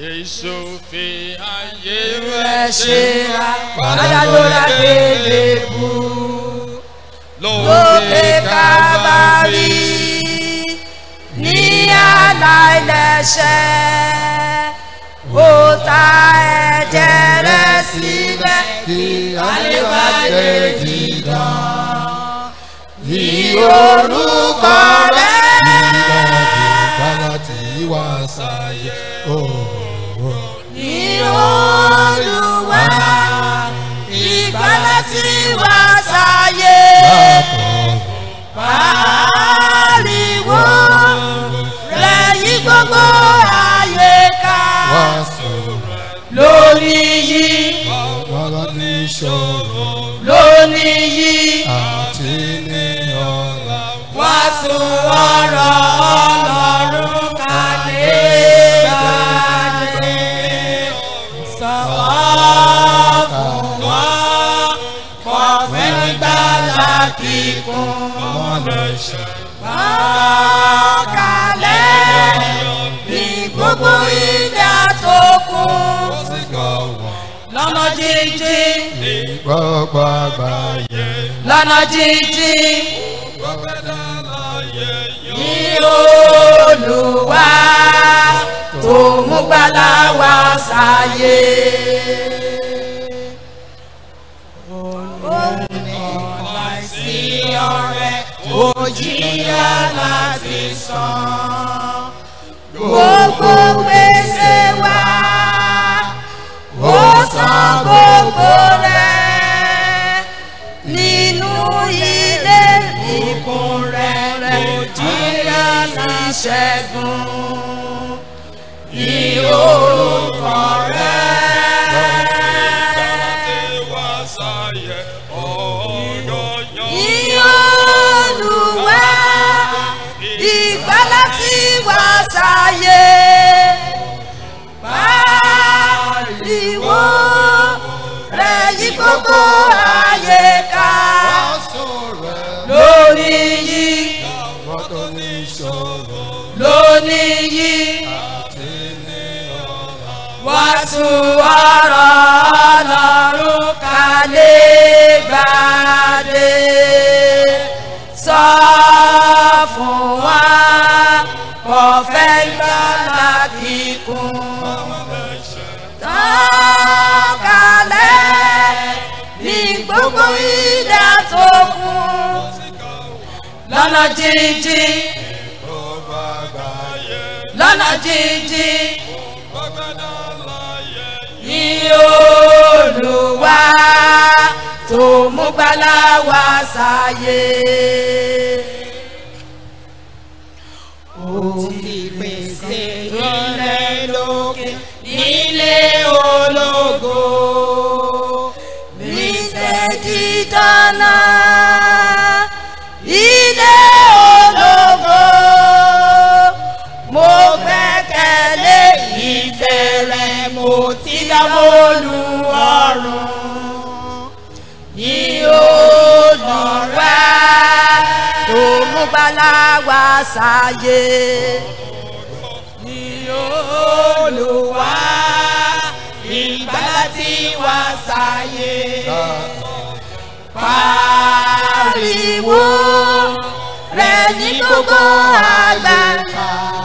Jésù fi ayé rẹ̀ ṣe àpáta tó lágbèlè bú lókè kábàárì ní aláìlẹ́ṣẹ̀ ó ta ẹ̀jẹ̀ rẹ̀ sílẹ̀ kí alébàdé dídán ní orúkọ rẹ̀ nígbà tí kálá tí wàá sáré. jíjí. ní gbogbo àgbáyé. lọ́nà jíjí. gbogbo ẹ̀dá láyé yóò. ní olùwà tó mú gbàlà wá sáyé. òun nìkan láìsí ọ̀rẹ́ òjìyà láti sàn. gbogbo pé. Chegam ikùn tán kalẹ̀ ní gbogbo ìdá tó kù lọ́nà jíjìn lọ́nà jíjìn ní Olúwa tó mú gbàlà wá sáyé. ó ti pèsè. mo ti dámọ́lù ọ̀run ni ó lọ́rẹ́ tó mú gbalawa sáyé ni Olúwa ìgbàlà tí wà sáyé pariwo rẹ̀ ní gbogbo àgbáyé.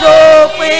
dópin.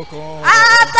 Welcome. Ah,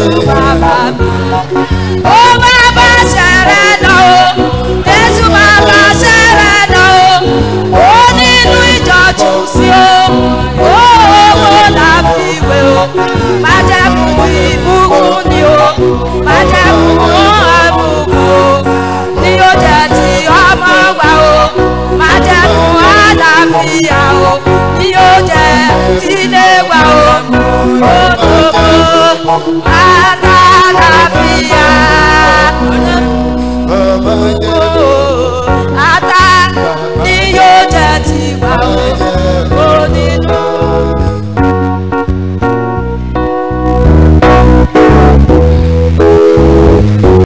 Oh, bàbá mi. ó bàbá ṣẹ̀rẹ̀ lọ o jésù bàbá ṣẹ̀rẹ̀ lọ o ó nínú ìjọ́jú sí o ó owó la fi wé o májẹ̀mú ìbùkún ni o májẹ̀mú àbùkù o ni ó jẹ́ ti o májẹ̀mú àlàáfíà o ni o. àtàlàfíà.